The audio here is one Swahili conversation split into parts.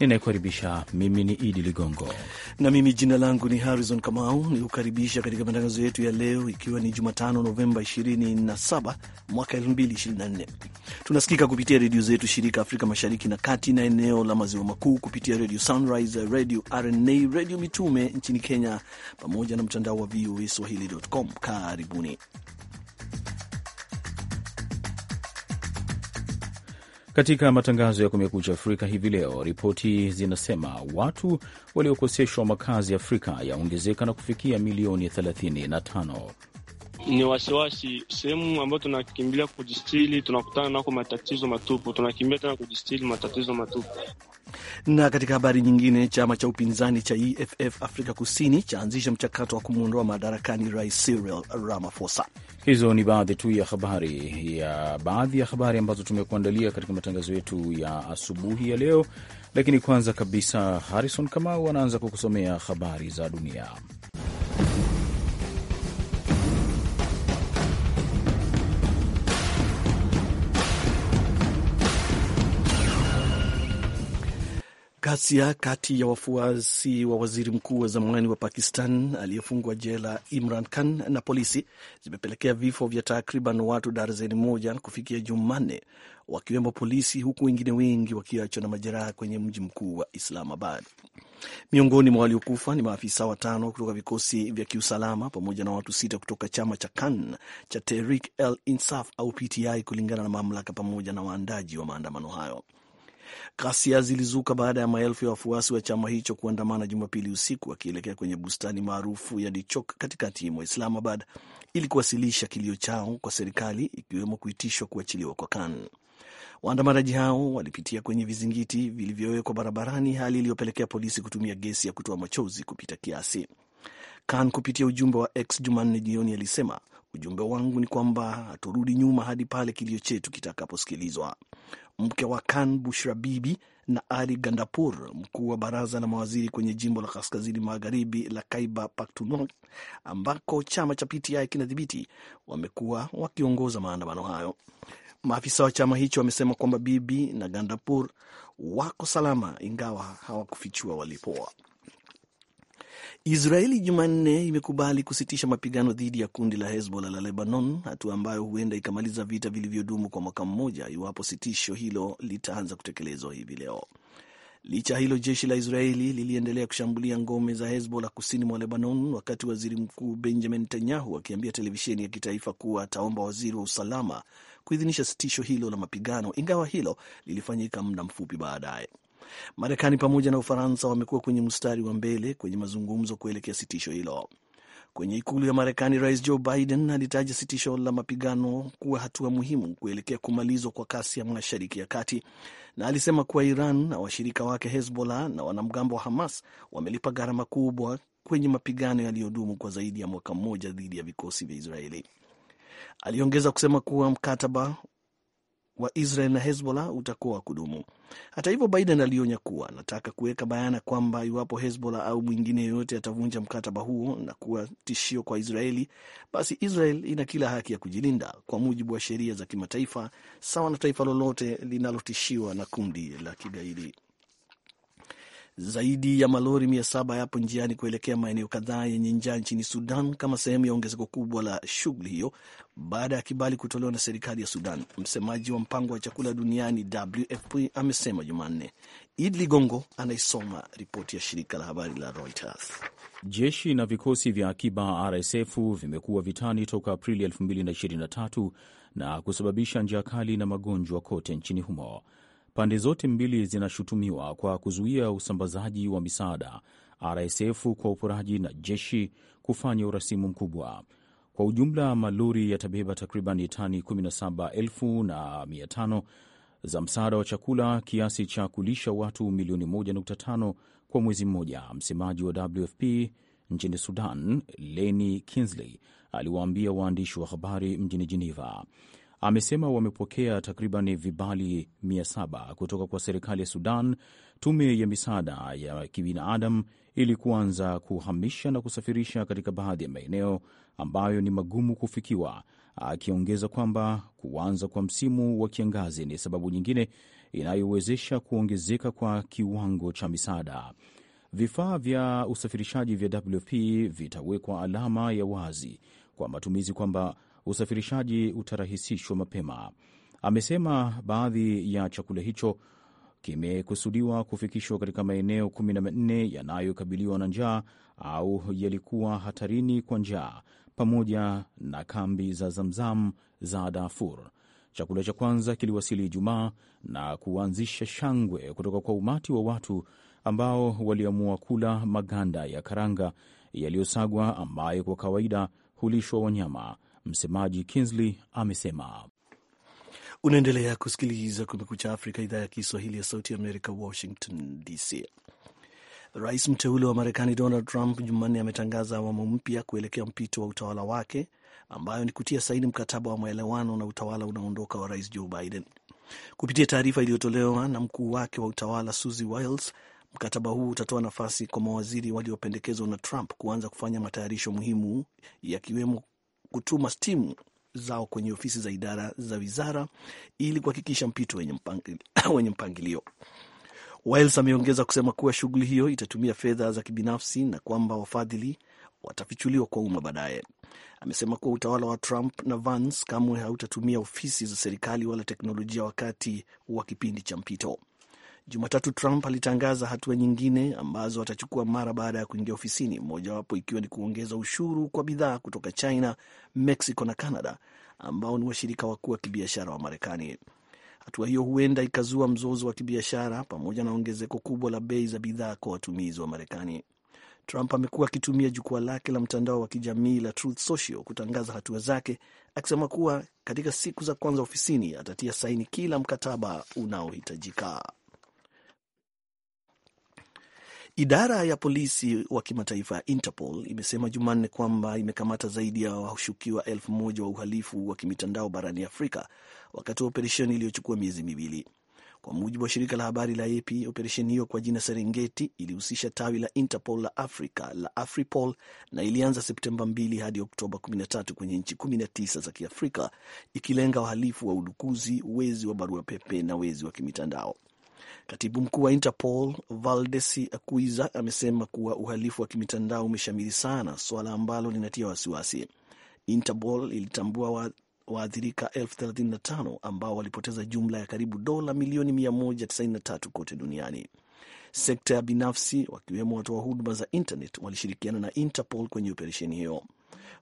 Ninayekukaribisha mimi ni Idi Ligongo na mimi jina langu ni Harrison Kamau, ni kukaribisha katika matangazo yetu ya leo, ikiwa ni Jumatano Novemba 27 mwaka 2024. Tunasikika kupitia redio zetu shirika Afrika Mashariki na Kati na eneo la Maziwa Makuu kupitia Redio Sunrise, Redio RNA, Redio Mitume nchini Kenya, pamoja na mtandao wa VOA Swahili.com. Karibuni. Katika matangazo ya Kumekucha Afrika hivi leo, ripoti zinasema watu waliokoseshwa makazi Afrika yaongezeka na kufikia milioni 35 ni wasiwasi. Sehemu ambayo tunakimbilia kujistili, tunakutana nako matatizo matupu, tunakimbia tena kujistili matatizo matupu. Na katika habari nyingine, chama cha upinzani cha EFF Afrika Kusini chaanzisha mchakato wa kumwondoa madarakani Rais Cyril Ramaphosa. Hizo ni baadhi tu ya habari ya baadhi ya habari ambazo tumekuandalia katika matangazo yetu ya asubuhi ya leo, lakini kwanza kabisa Harrison Kamau anaanza kukusomea habari za dunia. Ghasia kati ya wafuasi wa waziri mkuu wa zamani wa Pakistan aliyefungwa jela Imran Khan na polisi zimepelekea vifo vya takriban watu darzeni moja kufikia Jumanne, wakiwemo polisi, huku wengine wengi wakiachwa na majeraha kwenye mji mkuu wa Islamabad. Miongoni mwa waliokufa ni maafisa watano kutoka vikosi vya kiusalama pamoja na watu sita kutoka chama cha Khan cha terik l insaf au PTI, kulingana na mamlaka pamoja na waandaji wa maandamano hayo. Ghasia zilizuka baada ya maelfu ya wafuasi wa chama hicho kuandamana Jumapili usiku wakielekea kwenye bustani maarufu ya Dichok katikati mwa Islamabad ili kuwasilisha kilio chao kwa serikali, ikiwemo kuitishwa kuachiliwa kwa Khan. Waandamanaji hao walipitia kwenye vizingiti vilivyowekwa barabarani, hali iliyopelekea polisi kutumia gesi ya kutoa machozi kupita kiasi. Khan kupitia ujumbe wa X Jumanne jioni alisema Ujumbe wangu ni kwamba haturudi nyuma hadi pale kilio chetu kitakaposikilizwa. Mke wa Khan Bushra Bibi na Ali Gandapur, mkuu wa baraza la mawaziri kwenye jimbo la kaskazini magharibi la kaiba Pakhtunkhwa ambako chama cha PTI kinadhibiti, wamekuwa wakiongoza maandamano hayo. Maafisa wa chama hicho wamesema kwamba Bibi na Gandapur wako salama, ingawa hawakufichua walipoa. Israeli Jumanne imekubali kusitisha mapigano dhidi ya kundi la Hezbollah la Lebanon, hatua ambayo huenda ikamaliza vita vilivyodumu kwa mwaka mmoja iwapo sitisho hilo litaanza kutekelezwa hivi leo. Licha hilo, jeshi la Israeli liliendelea kushambulia ngome za Hezbollah kusini mwa Lebanon, wakati waziri mkuu Benjamin Netanyahu akiambia televisheni ya kitaifa kuwa ataomba waziri wa usalama kuidhinisha sitisho hilo la mapigano, ingawa hilo lilifanyika muda mfupi baadaye. Marekani pamoja na Ufaransa wamekuwa kwenye mstari wa mbele kwenye mazungumzo kuelekea sitisho hilo. Kwenye ikulu ya Marekani, Rais Joe Biden alitaja sitisho la mapigano kuwa hatua muhimu kuelekea kumalizwa kwa kasi ya Mashariki ya Kati, na alisema kuwa Iran na washirika wake Hezbollah na wanamgambo wa Hamas wamelipa gharama kubwa kwenye mapigano yaliyodumu kwa zaidi ya mwaka mmoja dhidi ya vikosi vya Israeli. Aliongeza kusema kuwa mkataba wa Israel na Hezbollah utakuwa wa kudumu. Hata hivyo, Biden alionya kuwa anataka kuweka bayana kwamba iwapo Hezbollah au mwingine yoyote atavunja mkataba huo na kuwa tishio kwa Israeli, basi Israel ina kila haki ya kujilinda kwa mujibu wa sheria za kimataifa, sawa na taifa lolote linalotishiwa na kundi la kigaidi. Zaidi ya malori mia saba yapo njiani kuelekea maeneo kadhaa yenye njaa nchini Sudan kama sehemu ya ongezeko kubwa la shughuli hiyo, baada ya kibali kutolewa na serikali ya Sudan. Msemaji wa mpango wa chakula duniani WFP amesema Jumanne. Id Ligongo anaisoma ripoti ya shirika la habari la Reuters. Jeshi na vikosi vya akiba RSF vimekuwa vitani toka Aprili 2023 na kusababisha njaa kali na magonjwa kote nchini humo. Pande zote mbili zinashutumiwa kwa kuzuia usambazaji wa misaada, RSF kwa uporaji na jeshi kufanya urasimu mkubwa. Kwa ujumla malori yatabeba takriban tani 17,500 za msaada wa chakula kiasi cha kulisha watu milioni 1.5 kwa mwezi mmoja. Msemaji wa WFP nchini Sudan, Leni Kinsley, aliwaambia waandishi wa habari mjini Geneva. Amesema wamepokea takriban vibali 700 kutoka kwa serikali ya Sudan, tume ya misaada ya kibinadamu, ili kuanza kuhamisha na kusafirisha katika baadhi ya maeneo ambayo ni magumu kufikiwa, akiongeza kwamba kuanza kwa msimu wa kiangazi ni sababu nyingine inayowezesha kuongezeka kwa kiwango cha misaada. Vifaa vya usafirishaji vya WFP vitawekwa alama ya wazi kwa matumizi kwamba usafirishaji utarahisishwa mapema. Amesema baadhi ya chakula hicho kimekusudiwa kufikishwa katika maeneo 14 yanayokabiliwa na njaa au yalikuwa hatarini kwa njaa pamoja na kambi za Zamzam za Darfur. Chakula cha kwanza kiliwasili Ijumaa na kuanzisha shangwe kutoka kwa umati wa watu ambao waliamua kula maganda ya karanga yaliyosagwa ambayo kwa kawaida hulishwa wanyama. Msemaji Kinsley amesema Unaendelea kusikiliza Kumekucha Afrika, idhaa ya Kiswahili ya Sauti Amerika, Washington DC. Rais mteule wa Marekani Donald Trump Jumanne ametangaza awamu mpya kuelekea mpito wa utawala wake, ambayo ni kutia saini mkataba wa maelewano na utawala unaoondoka wa Rais Joe Biden. Kupitia taarifa iliyotolewa na mkuu wake wa utawala Susie Wiles, mkataba huu utatoa nafasi kwa mawaziri waliopendekezwa na Trump kuanza kufanya matayarisho muhimu, yakiwemo kutuma timu zao kwenye ofisi za idara za wizara ili kuhakikisha mpito wenye mpangilio, wenye mpangilio. Wales ameongeza kusema kuwa shughuli hiyo itatumia fedha za kibinafsi na kwamba wafadhili watafichuliwa kwa umma baadaye. Amesema kuwa utawala wa Trump na Vance kamwe hautatumia ofisi za serikali wala teknolojia wakati wa kipindi cha mpito. Jumatatu Trump alitangaza hatua nyingine ambazo atachukua mara baada ya kuingia ofisini, mojawapo ikiwa ni kuongeza ushuru kwa bidhaa kutoka China, Mexico na Canada ambao ni washirika wakuu wa kibiashara wa Marekani. Hatua hiyo huenda ikazua mzozo wa kibiashara pamoja na ongezeko kubwa la bei za bidhaa kwa watumizi wa Marekani. Trump amekuwa akitumia jukwaa lake la mtandao wa kijamii la Truth Social kutangaza hatua zake, akisema kuwa katika siku za kwanza ofisini atatia saini kila mkataba unaohitajika. Idara ya polisi wa kimataifa ya Interpol imesema Jumanne kwamba imekamata zaidi ya washukiwa elfu moja wa uhalifu wa kimitandao barani Afrika wakati wa operesheni iliyochukua miezi miwili. Kwa mujibu wa shirika la habari la AP, operesheni hiyo kwa jina Serengeti ilihusisha tawi la Interpol la Afrika la AFRIPOL na ilianza Septemba 2 hadi Oktoba 13 kwenye nchi 19 za Kiafrika, ikilenga wahalifu wa udukuzi, wezi wa barua pepe na wezi wa kimitandao. Katibu mkuu wa Interpol Valdesi Aquiza amesema kuwa uhalifu wa kimitandao umeshamiri sana, suala ambalo linatia wasiwasi. Interpol ilitambua waathirika elfu thelathini na tano ambao walipoteza jumla ya karibu dola milioni 193 kote duniani. Sekta ya binafsi wakiwemo watoa wa huduma za internet walishirikiana na Interpol kwenye operesheni hiyo.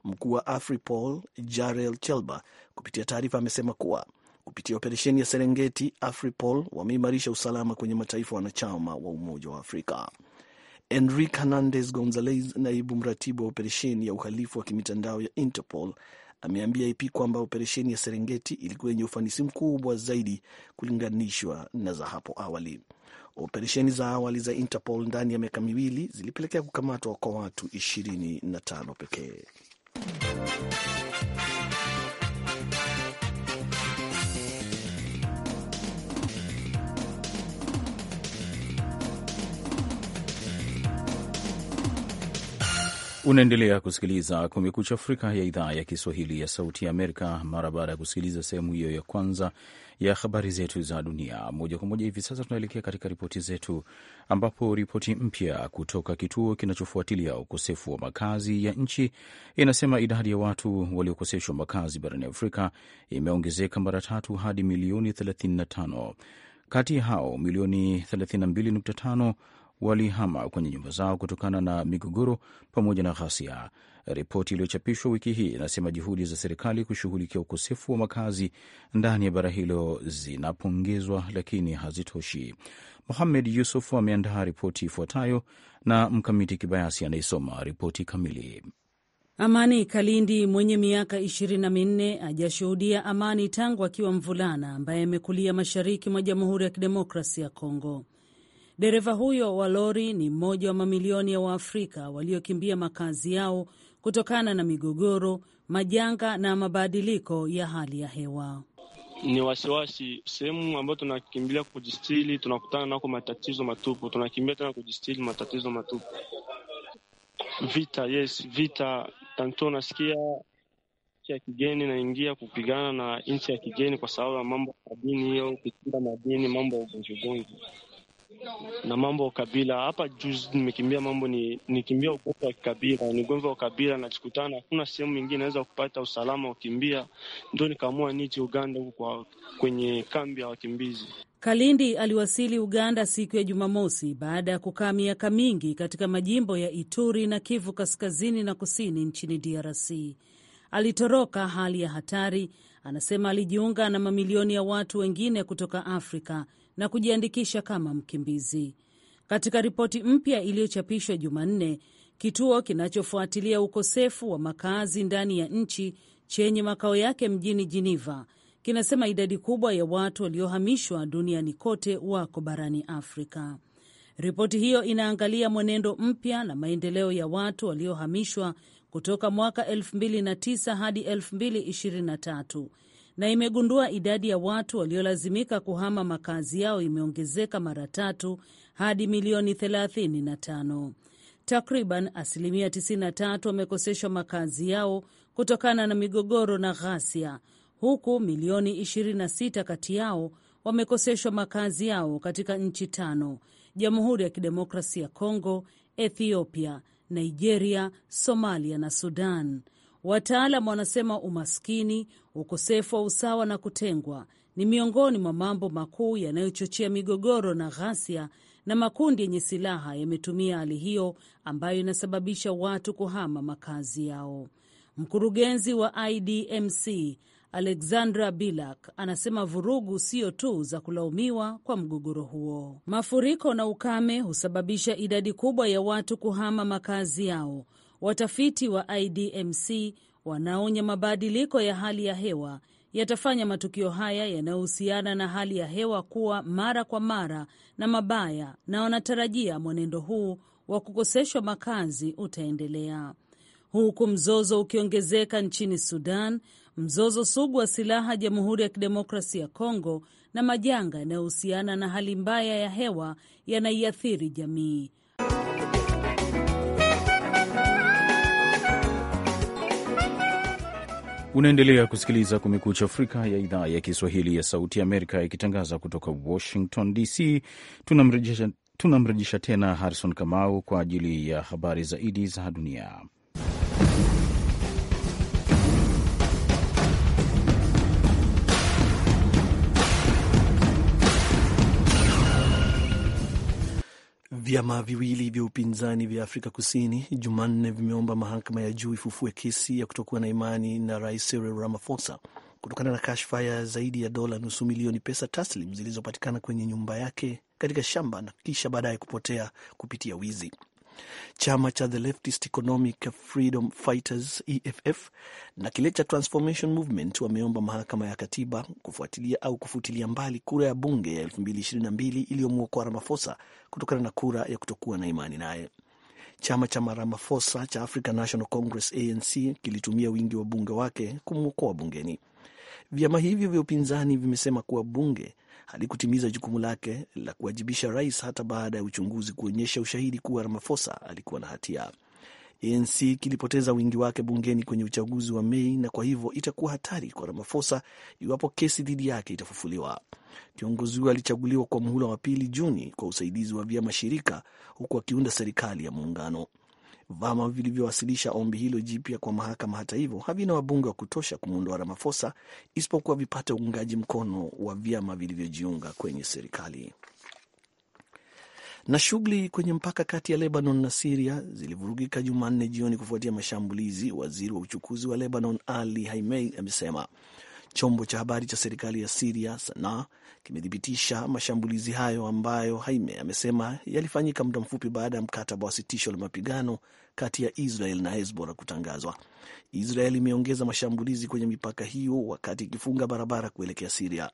Mkuu wa Afripol Jarel Chelba kupitia taarifa amesema kuwa Kupitia operesheni ya Serengeti, AFRIPOL wameimarisha usalama kwenye mataifa wanachama wa Umoja wa Afrika. Enrique Hernandez Gonzalez, naibu mratibu wa operesheni ya uhalifu wa kimitandao ya Interpol, ameambia AP kwamba operesheni ya Serengeti ilikuwa yenye ufanisi mkubwa zaidi kulinganishwa na za hapo awali. Operesheni za awali za Interpol ndani ya miaka miwili zilipelekea kukamatwa kwa watu 25 pekee. Unaendelea kusikiliza Kumekucha Afrika ya idhaa ya Kiswahili ya Sauti ya Amerika. Mara baada ya kusikiliza sehemu hiyo ya kwanza ya habari zetu za dunia moja kwa moja, hivi sasa tunaelekea katika ripoti zetu, ambapo ripoti mpya kutoka kituo kinachofuatilia ukosefu wa makazi ya nchi inasema idadi ya watu waliokoseshwa makazi barani Afrika imeongezeka mara tatu hadi milioni 35. Kati ya hao milioni 32.5 walihama kwenye nyumba zao kutokana na migogoro pamoja na ghasia. Ripoti iliyochapishwa wiki hii inasema juhudi za serikali kushughulikia ukosefu wa makazi ndani ya bara hilo zinapongezwa, lakini hazitoshi. Muhamed Yusuf ameandaa ripoti ifuatayo na Mkamiti Kibayasi anayesoma ripoti kamili. Amani Kalindi mwenye miaka ishirini na minne hajashuhudia amani tangu akiwa mvulana ambaye amekulia mashariki mwa Jamhuri ya Kidemokrasi ya Kongo. Dereva huyo wa lori ni mmoja wa mamilioni ya Waafrika waliokimbia makazi yao kutokana na migogoro, majanga na mabadiliko ya hali ya hewa. Ni wasiwasi. Sehemu ambayo tunakimbilia kujistili, tunakutana nako matatizo matupu, tunakimbia tena kujistili, matatizo matupu. Vita, yes, vita. Tanto nasikia nchi ya kigeni naingia kupigana na nchi ya kigeni kwa sababu ya mambo ya madini, hiyo kuchimba madini, mambo ya ugonjwa ugonjwa na mambo ya kabila. Hapa juzi nimekimbia mambo ni nikimbia ugonjwa wa kikabila, ni ugonjwa wa kabila, najikutana hakuna sehemu nyingine naweza kupata usalama ukimbia ndio nikaamua niji Uganda huko kwenye kambi ya wakimbizi. Kalindi aliwasili Uganda siku ya Jumamosi baada ya kukaa miaka mingi katika majimbo ya Ituri na Kivu kaskazini na kusini nchini DRC. Alitoroka hali ya hatari, anasema alijiunga na mamilioni ya watu wengine kutoka Afrika na kujiandikisha kama mkimbizi. Katika ripoti mpya iliyochapishwa Jumanne, kituo kinachofuatilia ukosefu wa makazi ndani ya nchi chenye makao yake mjini Geneva kinasema idadi kubwa ya watu waliohamishwa duniani kote wako barani Afrika. Ripoti hiyo inaangalia mwenendo mpya na maendeleo ya watu waliohamishwa kutoka mwaka 2009 hadi 2023 na imegundua idadi ya watu waliolazimika kuhama makazi yao imeongezeka mara tatu hadi milioni 35. Takriban asilimia 93 wamekoseshwa makazi yao kutokana na migogoro na ghasia, huku milioni 26 kati yao wamekoseshwa makazi yao katika nchi tano: Jamhuri ya Kidemokrasi ya Kongo, Ethiopia, Nigeria, Somalia na Sudan. Wataalam wanasema umaskini, ukosefu wa usawa na kutengwa ni miongoni mwa mambo makuu yanayochochea migogoro na ghasia, na makundi yenye silaha yametumia hali hiyo ambayo inasababisha watu kuhama makazi yao. Mkurugenzi wa IDMC Alexandra Bilak anasema vurugu sio tu za kulaumiwa kwa mgogoro huo. Mafuriko na ukame husababisha idadi kubwa ya watu kuhama makazi yao, Watafiti wa IDMC wanaonya mabadiliko ya hali ya hewa yatafanya matukio haya yanayohusiana na hali ya hewa kuwa mara kwa mara na mabaya, na wanatarajia mwenendo huu wa kukoseshwa makazi utaendelea huku mzozo ukiongezeka nchini Sudan, mzozo sugu wa silaha Jamhuri ya Kidemokrasia ya Kongo, na majanga yanayohusiana na hali mbaya ya hewa yanaiathiri jamii. Unaendelea kusikiliza Kumekucha Afrika ya idhaa ya Kiswahili ya Sauti Amerika ikitangaza kutoka Washington DC. Tunamrejesha tunamrejesha tena Harrison Kamau kwa ajili ya habari zaidi za dunia. Vyama viwili vya upinzani vya Afrika Kusini Jumanne vimeomba mahakama ya juu ifufue kesi ya kutokuwa na imani na Rais Cyril Ramaphosa kutokana na kashfa ya zaidi ya dola nusu milioni pesa taslim zilizopatikana kwenye nyumba yake katika shamba na kisha baadaye kupotea kupitia wizi. Chama cha the Leftist Economic Freedom Fighters EFF na kile cha Transformation Movement wameomba mahakama ya katiba kufuatilia au kufutilia mbali kura ya bunge ya 2022 iliyomwokoa ramafosa kutokana na kura ya kutokuwa na imani naye. Chama cha ramafosa cha African National Congress ANC kilitumia wingi wa bunge wake kumwokoa bungeni. Vyama hivyo vya upinzani vimesema kuwa bunge halikutimiza jukumu lake la kuwajibisha rais hata baada ya uchunguzi kuonyesha ushahidi kuwa Ramaphosa alikuwa na hatia. ANC kilipoteza wingi wake bungeni kwenye uchaguzi wa Mei na kwa hivyo itakuwa hatari kwa Ramaphosa iwapo kesi dhidi yake itafufuliwa. Kiongozi huyo alichaguliwa kwa muhula wa pili Juni kwa usaidizi wa vyama shirika, huku akiunda serikali ya muungano. Vyama vilivyowasilisha ombi hilo jipya kwa mahakama, hata hivyo, havina wabunge wa kutosha kumwondoa ramafosa isipokuwa vipate uungaji mkono wa vyama vilivyojiunga kwenye serikali. Na shughuli kwenye mpaka kati ya Lebanon na Siria zilivurugika Jumanne jioni kufuatia mashambulizi, waziri wa uchukuzi wa Lebanon Ali Haimei amesema. Chombo cha habari cha serikali ya Siria Sanaa kimethibitisha mashambulizi hayo ambayo Haime amesema yalifanyika muda mfupi baada ya mkataba wa sitisho la mapigano kati ya Israel na hezbola kutangazwa. Israel imeongeza mashambulizi kwenye mipaka hiyo wakati ikifunga barabara kuelekea Siria.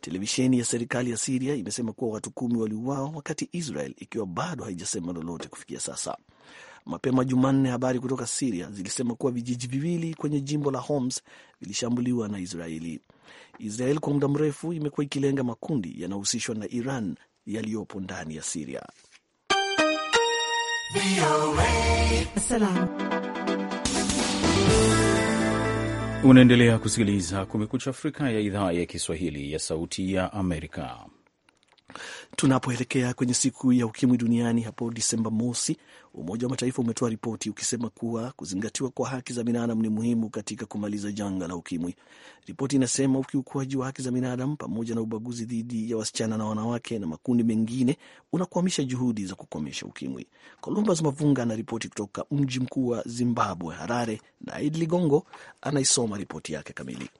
Televisheni ya serikali ya Siria imesema kuwa watu kumi waliuawa wakati Israel ikiwa bado haijasema lolote kufikia sasa. Mapema Jumanne, habari kutoka Siria zilisema kuwa vijiji viwili kwenye jimbo la Homs vilishambuliwa na Israeli. Israel kwa muda mrefu imekuwa ikilenga makundi yanayohusishwa na Iran yaliyopo ndani ya Siria. Unaendelea kusikiliza Kumekucha Afrika ya idhaa ya Kiswahili ya Sauti ya Amerika. Tunapoelekea kwenye siku ya ukimwi duniani hapo Disemba mosi, Umoja wa Mataifa umetoa ripoti ukisema kuwa kuzingatiwa kwa haki za binadamu ni muhimu katika kumaliza janga la ukimwi. Ripoti inasema ukiukuaji wa haki za binadamu pamoja na ubaguzi dhidi ya wasichana na wanawake na makundi mengine unakwamisha juhudi za kukomesha ukimwi. Columbus Mavunga anaripoti kutoka mji mkuu wa Zimbabwe, Harare, na Idi Ligongo anaisoma ripoti yake kamili.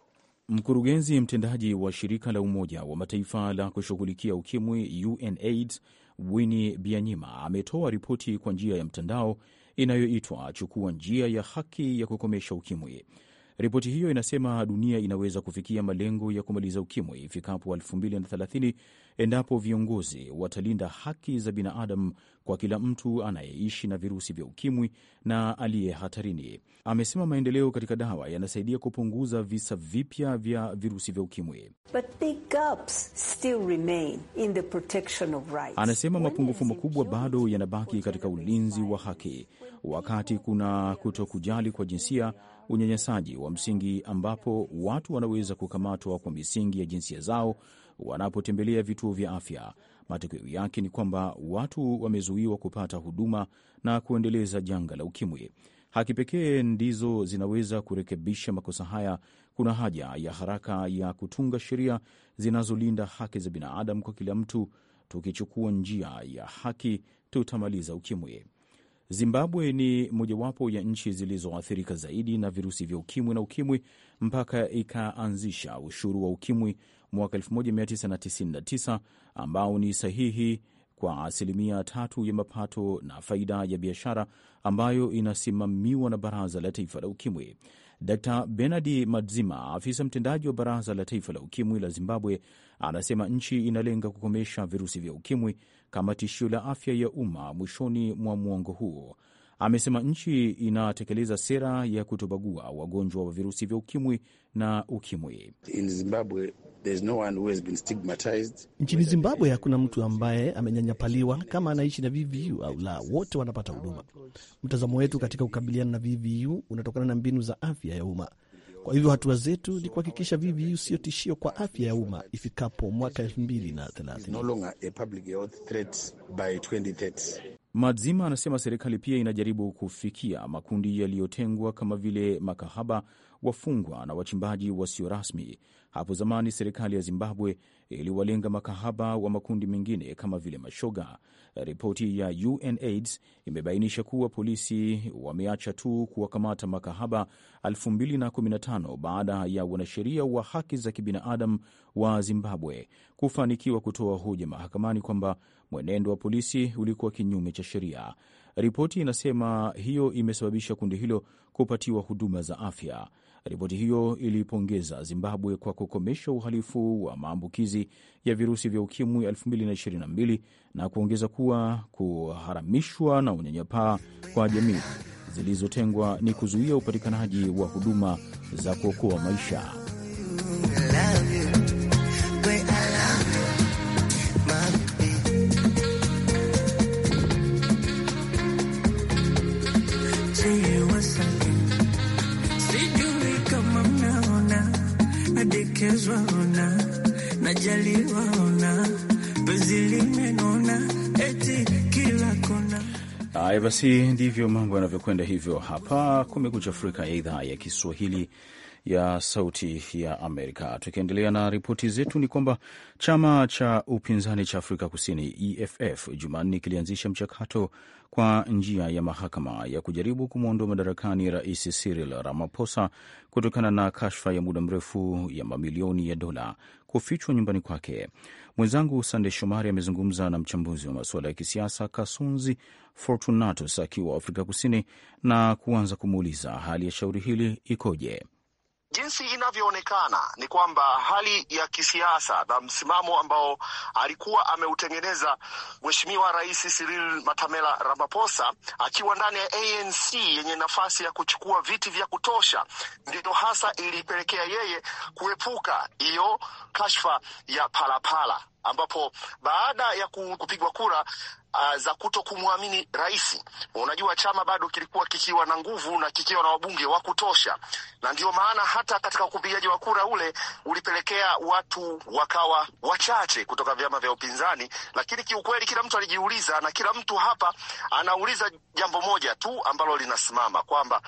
Mkurugenzi mtendaji wa shirika la Umoja wa Mataifa la kushughulikia ukimwi UNAIDS Wini Bianyima ametoa ripoti kwa njia ya mtandao inayoitwa Chukua Njia ya Haki ya Kukomesha Ukimwi. Ripoti hiyo inasema dunia inaweza kufikia malengo ya kumaliza ukimwi ifikapo 2030 endapo viongozi watalinda haki za binadamu kwa kila mtu anayeishi na virusi vya ukimwi na aliye hatarini. Amesema maendeleo katika dawa yanasaidia kupunguza visa vipya vya virusi vya ukimwi. Anasema mapungufu makubwa bado yanabaki katika ulinzi wa haki, wakati kuna kutokujali kwa jinsia, unyanyasaji wa msingi ambapo watu wanaweza kukamatwa kwa misingi ya jinsia zao wanapotembelea vituo vya afya. Matokeo yake ni kwamba watu wamezuiwa kupata huduma na kuendeleza janga la ukimwi. Haki pekee ndizo zinaweza kurekebisha makosa haya. Kuna haja ya haraka ya kutunga sheria zinazolinda haki za binadamu kwa kila mtu. Tukichukua njia ya haki, tutamaliza ukimwi. Zimbabwe ni mojawapo ya nchi zilizoathirika zaidi na virusi vya ukimwi na ukimwi mpaka ikaanzisha ushuru wa ukimwi mwaka 1999 ambao ni sahihi kwa asilimia tatu ya mapato na faida ya biashara ambayo inasimamiwa na Baraza la Taifa la Ukimwi. d Benard Madzima, afisa mtendaji wa Baraza la Taifa la Ukimwi la Zimbabwe, anasema nchi inalenga kukomesha virusi vya ukimwi kama tishio la afya ya umma mwishoni mwa mwongo huo. Amesema nchi inatekeleza sera ya kutobagua wagonjwa wa virusi vya ukimwi na ukimwi. In Zimbabwe, no one who has been stigmatized. Nchini Zimbabwe hakuna mtu ambaye amenyanyapaliwa kama anaishi na VVU au la, wote wanapata huduma. Mtazamo wetu katika kukabiliana na VVU unatokana na mbinu za afya ya umma. Kwa hivyo hatua zetu ni kuhakikisha VVU sio tishio kwa afya ya umma ifikapo mwaka 2030. Madzima anasema serikali pia inajaribu kufikia makundi yaliyotengwa kama vile makahaba, wafungwa na wachimbaji wasio rasmi. Hapo zamani serikali ya Zimbabwe iliwalenga makahaba wa makundi mengine kama vile mashoga. Ripoti ya UNAIDS imebainisha kuwa polisi wameacha tu kuwakamata makahaba 2015 baada ya wanasheria wa haki za kibinadamu wa Zimbabwe kufanikiwa kutoa hoja mahakamani kwamba mwenendo wa polisi ulikuwa kinyume cha sheria. Ripoti inasema hiyo imesababisha kundi hilo kupatiwa huduma za afya. Ripoti hiyo ilipongeza Zimbabwe kwa kukomesha uhalifu wa maambukizi ya virusi vya ukimwi 2022 na kuongeza kuwa kuharamishwa na unyanyapaa kwa jamii zilizotengwa ni kuzuia upatikanaji wa huduma za kuokoa maisha. Haya basi, ndivyo mambo yanavyokwenda hivyo hapa Kumekucha Afrika ya idhaa ya Kiswahili ya Sauti ya Amerika. Tukiendelea na ripoti zetu, ni kwamba chama cha upinzani cha Afrika Kusini EFF Jumanne kilianzisha mchakato kwa njia ya mahakama ya kujaribu kumwondoa madarakani Rais Cyril Ramaphosa kutokana na kashfa ya muda mrefu ya mamilioni ya dola kufichwa nyumbani kwake. Mwenzangu Sande Shomari amezungumza na mchambuzi wa masuala ya kisiasa Kasunzi Fortunatus akiwa Afrika Kusini na kuanza kumuuliza hali ya shauri hili ikoje. Jinsi inavyoonekana ni kwamba hali ya kisiasa na msimamo ambao alikuwa ameutengeneza Mheshimiwa Rais Cyril Matamela Ramaphosa akiwa ndani ya ANC yenye nafasi ya kuchukua viti vya kutosha, ndiyo hasa ilipelekea yeye kuepuka hiyo kashfa ya Palapala ambapo baada ya kupigwa kura uh, za kuto kumwamini rais. Unajua, chama bado kilikuwa kikiwa na nguvu na kikiwa na wabunge wa kutosha, na ndio maana hata katika upigaji wa kura ule ulipelekea watu wakawa wachache kutoka vyama vya upinzani. Lakini kiukweli, kila mtu alijiuliza, na kila mtu hapa anauliza jambo moja tu ambalo linasimama kwamba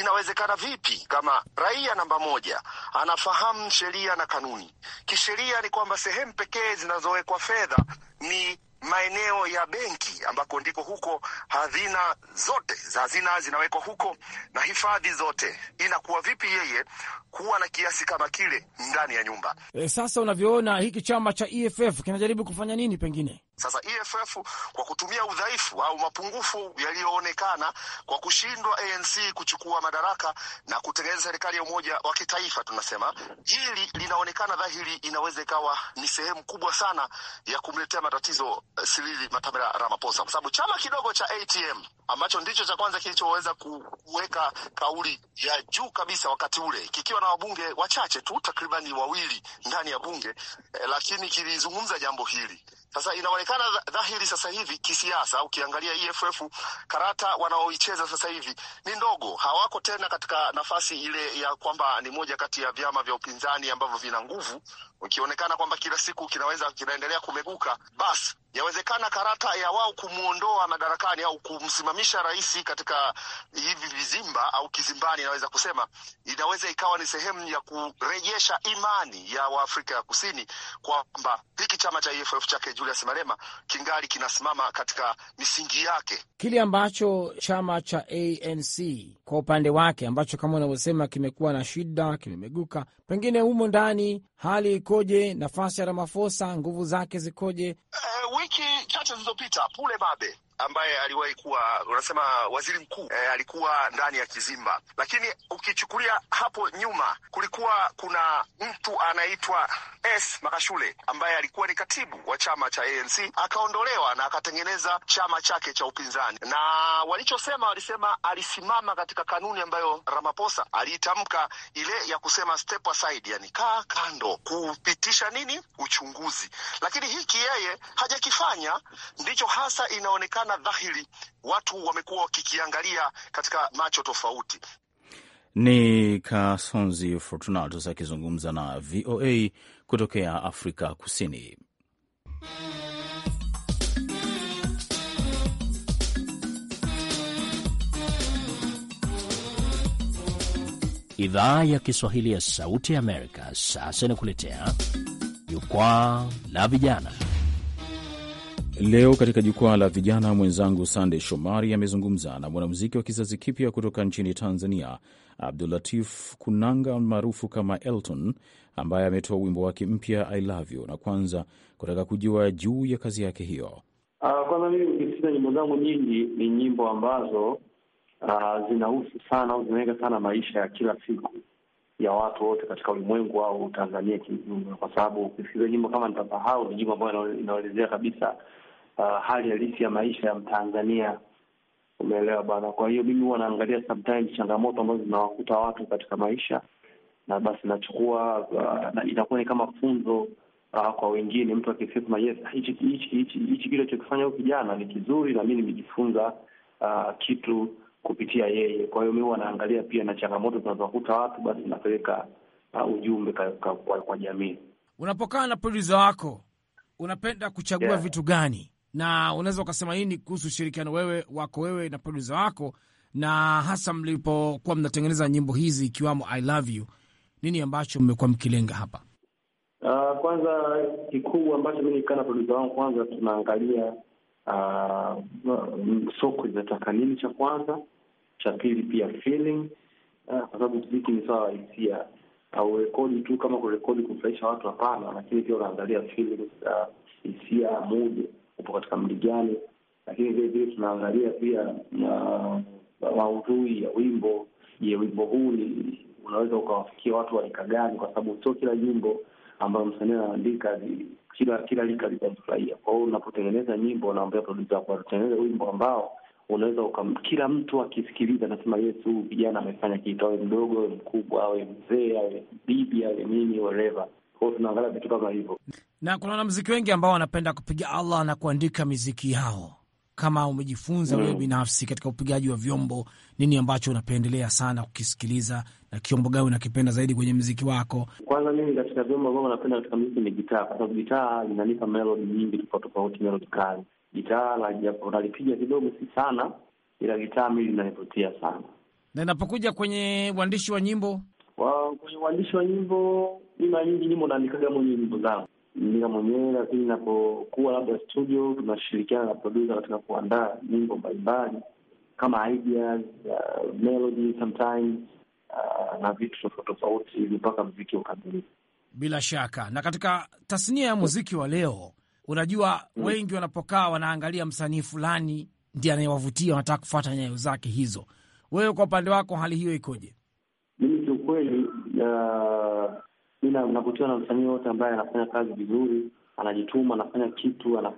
inawezekana vipi kama raia namba moja anafahamu sheria na kanuni? Kisheria ni kwamba sehemu pekee zinazowekwa fedha ni maeneo ya benki ambako ndiko huko hazina zote za hazina zinawekwa huko na hifadhi zote. Inakuwa vipi yeye kuwa na kiasi kama kile ndani ya nyumba? E, sasa unavyoona hiki chama cha EFF kinajaribu kufanya nini? Pengine sasa EFF kwa kutumia udhaifu au mapungufu yaliyoonekana kwa kushindwa ANC kuchukua madaraka na kutengeneza serikali ya umoja wa kitaifa, tunasema hili linaonekana dhahiri, inaweza ikawa ni sehemu kubwa sana ya kumletea matatizo eh, Cyril Matamela Ramaphosa, kwa sababu chama kidogo cha ATM ambacho ndicho cha kwanza kilichoweza kuweka kauli ya juu kabisa wakati ule kikiwa na wabunge wachache tu, takribani wawili ndani ya bunge eh, lakini kilizungumza jambo hili sasa inaonekana dhahiri sasa hivi kisiasa, ukiangalia EFF karata wanaoicheza sasa hivi ni ndogo. Hawako tena katika nafasi ile ya kwamba ni moja kati ya vyama vya upinzani ambavyo vina nguvu, ukionekana kwamba kila siku kinaweza kinaendelea kumeguka, basi Yawezekana karata ya wao kumwondoa madarakani au kumsimamisha rais katika hivi vizimba au kizimbani, inaweza kusema inaweza ikawa ni sehemu ya kurejesha imani ya Waafrika ya Kusini kwamba hiki chama cha EFF chake Julius Malema kingali kinasimama katika misingi yake, kile ambacho chama cha ANC kwa upande wake ambacho kama unavyosema kimekuwa na shida, kimemeguka pengine humo ndani hali ikoje? Nafasi ya Ramafosa, nguvu zake zikoje? Uh, wiki chache zilizopita Pule Babe ambaye aliwahi kuwa unasema waziri mkuu e, alikuwa ndani ya kizimba. Lakini ukichukulia hapo nyuma, kulikuwa kuna mtu anaitwa S Makashule ambaye alikuwa ni katibu wa chama cha ANC, akaondolewa na akatengeneza chama chake cha upinzani, na walichosema walisema alisimama katika kanuni ambayo Ramaphosa aliitamka ile ya kusema step aside, yani kaa kando, kupitisha nini uchunguzi. Lakini hiki yeye hajakifanya, ndicho hasa inaonekana Inaonekana dhahiri watu wamekuwa wakikiangalia katika macho tofauti. Ni Kasonzi Fortunatus akizungumza na VOA kutokea Afrika Kusini. Idhaa ya Kiswahili ya Sauti ya Amerika sasa inakuletea Jukwaa la Vijana. Leo katika jukwaa la vijana, mwenzangu Sandey Shomari amezungumza na mwanamuziki wa kizazi kipya kutoka nchini Tanzania, Abdulatif Kunanga maarufu kama Elton, ambaye ametoa wimbo wake mpya I Love You, na kwanza kutaka kujua juu ya kazi yake hiyo. Uh, kwanza mimi ukisikiza nyimbo zangu nyingi ni nyimbo ambazo uh, zinahusu sana au zinaweka sana maisha ya kila siku ya watu wote katika ulimwengu au Tanzania kiujumla, kwa sababu ukisikiza nyimbo kama Nitasahau ni nyimbo ambayo inaelezea kabisa uh, hali halisi ya maisha ya Mtanzania. Umeelewa bwana? Kwa hiyo mimi huwa naangalia sometimes changamoto ambazo zinawakuta watu katika maisha, na basi nachukua uh, na inakuwa ni kama funzo uh, kwa wengine. Mtu akisema yes, hichi hichi kile chokifanya huyu kijana ni kizuri, na mimi nimejifunza uh, kitu kupitia yeye. Kwa hiyo mi huwa naangalia pia na changamoto zinazowakuta watu, basi napeleka uh, ujumbe kwa, kwa, kwa jamii. Unapokaa na produsa wako unapenda kuchagua yeah, vitu gani na unaweza ukasema nini kuhusu ushirikiano wewe wako wewe na produsa wako, na hasa mlipokuwa mnatengeneza nyimbo hizi ikiwamo I Love You, nini ambacho mmekuwa mkilenga hapa? Uh, kwanza kikuu ambacho mi nikaa na produsa wangu, kwanza tunaangalia uh, soko linataka nini cha kwanza, cha pili pia feeling uh, kwa sababu muziki ni sawa hisia au tu kama kurekodi kufurahisha watu, hapana, lakini pia unaangalia feelings, hisia mood upo katika mji gani, lakini vilevile tunaangalia pia maudhui ya wimbo. Je, wimbo huu ni unaweza ukawafikia watu wa rika gani? Kwa sababu sio kila jimbo ambayo msanii anaandika kila kila rika litamfurahia. Kwa hiyo unapotengeneza nyimbo, unaambia produsa wako wimbo ambao unaweza kila mtu akisikiliza anasema yes, huyu kijana amefanya kitu, awe mdogo awe mkubwa awe mzee awe bibi awe nini whatever. Kwao tunaangalia vitu kama hivyo, na kuna wanamziki wengi ambao wanapenda kupiga Allah na kuandika miziki yao. Kama umejifunza wewe mm, binafsi katika upigaji wa vyombo, nini ambacho unapendelea sana kukisikiliza na kiombo gani unakipenda zaidi kwenye mziki wako? Kwanza mimi katika vyombo ambavyo napenda katika mziki ni gitaa, kwa sababu gitaa linanipa melodi nyingi tofauti tofauti, melodi kali. Gitaa unalipiga kidogo, si sana, ila gitaa mimi linanivutia sana. Na inapokuja kwenye uandishi wa nyimbo, kwenye uandishi wa nyimbo mi mara nyingi nyimbo naandikaga mwenyewe nyimbo zangu nika mwenyewe, lakini inapokuwa labda studio tunashirikiana na produsa katika kuandaa nyimbo mbalimbali kama ideas, uh, melody sometimes uh, na vitu tofauti tofauti hivi mpaka mziki ukamilika. Bila shaka na katika tasnia ya muziki wa leo unajua, mm, wengi wanapokaa wanaangalia msanii fulani ndi anayewavutia, wanataka kufuata nyayo zake hizo. Wewe kwa upande wako hali hiyo ikoje? Mimi kiukweli uh, mi navutiwa na msanii wote ambaye anafanya kazi vizuri, anajituma, anafanya kitu, ana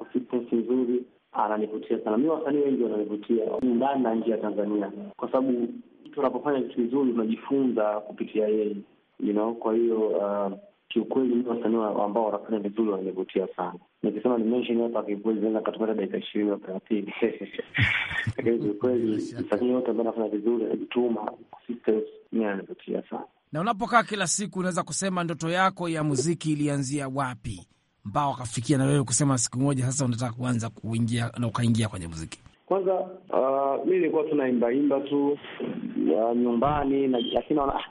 nzuri, ananivutia sana mi. Wasanii wengi wananivutia ndani na nje ya Tanzania, kwa sababu mtu anapofanya vitu vizuri unajifunza kupitia yeye, you know. Kwa hiyo uh, kiukweli mi wasanii ambao wanafanya vizuri wananivutia sana. Nikisema ni mention hapa, kiukweli zinaweza katumata dakika ishirini au thelathini, lakini kiukweli msanii yote ambaye anafanya vizuri, anajituma, consistency, ananivutia sana. Na unapokaa kila siku, unaweza kusema ndoto yako ya muziki ilianzia wapi mpaka wakafikia na wewe kusema siku moja sasa unataka kuanza kuingia na ukaingia kwenye muziki? Kwanza uh, mi nilikuwa tunaimbaimba tu uh, nyumbani, lakini naona ah,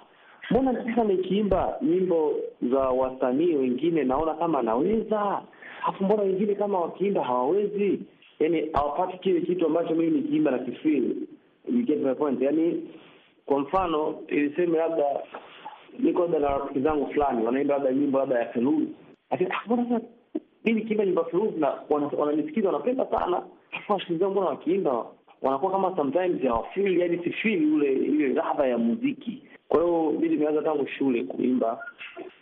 mbona sasa nikiimba nyimbo za wasanii wengine naona kama naweza, alafu mbona wengine kama wakiimba hawawezi, yani hawapati kile kitu ambacho mimi nikiimba na kifili. You get my point? Yani kwa mfano iliseme labda niko labda na rafiki zangu fulani wanaimba labda nyimbo labda ya Feruzi, lakini ah, mimi kiimba nyimbo ya Feruzi na wananisikiza wanapenda sana, rafiki zangu mbona wakiimba wanakuwa kama sometimes hawafili, yaani sifili ule ile ladha ya muziki. Kwa hiyo mi nimeanza tangu shule kuimba.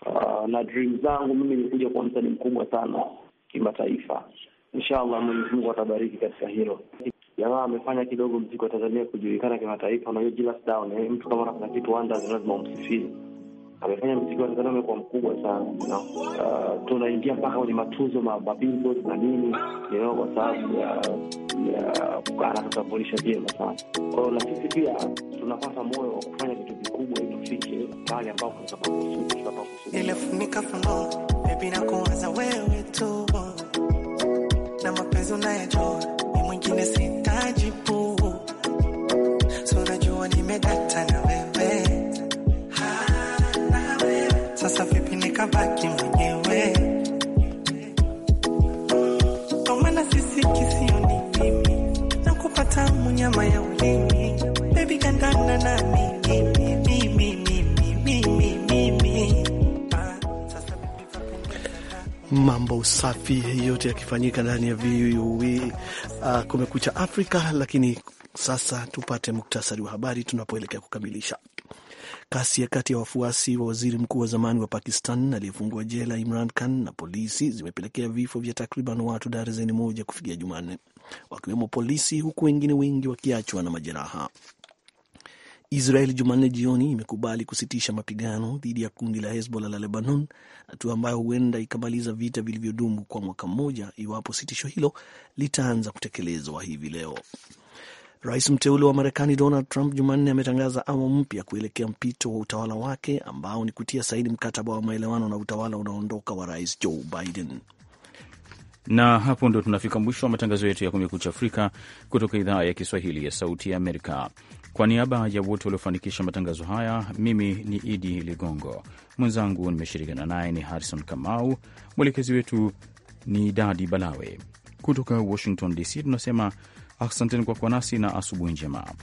Uh, na dream zangu mimi nikuja kuwa msanii mkubwa sana kimataifa. Inshallah Mwenyezi Mungu atabariki katika hilo jamaa amefanya kidogo mziki wa Tanzania kujulikana kimataifa, Unajua hiyo Jalas Down, eh, mtu kama anafanya kitu wonders, lazima umsifie. Amefanya mziki wa Tanzania umekuwa mkubwa sana na uh, tunaingia mpaka kwenye matuzo ma na nini you kwa sababu ya ya anatutambulisha vyema sana. kwao, na sisi pia tunapata moyo wa kufanya vitu vikubwa ili tufike pale ambapo tunapakusudia. nikabaki mwenyewe, kwa maana sisi kisioni mimi na kupata munyama ya ulimi, bebi gandana ah, mambo safi yote yakifanyika ndani ya VOA uh, e. ah, Kumekucha Afrika. Lakini sasa tupate muktasari wa habari tunapoelekea kukamilisha kasi ya kati ya wafuasi wa waziri mkuu wa zamani wa Pakistan aliyefungwa jela Imran Khan na polisi zimepelekea vifo vya takriban watu darzeni moja kufikia Jumanne, wakiwemo polisi, huku wengine wengi wakiachwa na majeraha. Israel Jumanne jioni imekubali kusitisha mapigano dhidi ya kundi la Hezbollah la Lebanon, hatua ambayo huenda ikamaliza vita vilivyodumu kwa mwaka mmoja iwapo sitisho hilo litaanza kutekelezwa hivi leo. Rais mteule wa Marekani Donald Trump Jumanne ametangaza awamu mpya kuelekea mpito wa utawala wake ambao ni kutia saini mkataba wa maelewano na utawala unaoondoka wa Rais Joe Biden. Na hapo ndo tunafika mwisho wa matangazo yetu ya Kumekucha Afrika kutoka idhaa ya Kiswahili ya Sauti ya Amerika. Kwa niaba ya wote waliofanikisha matangazo haya, mimi ni Idi Ligongo, mwenzangu nimeshirikiana naye ni Harrison Kamau, mwelekezi wetu ni Dadi Balawe. Kutoka Washington DC tunasema Asanteni kwa kuwa nasi na asubuhi njema.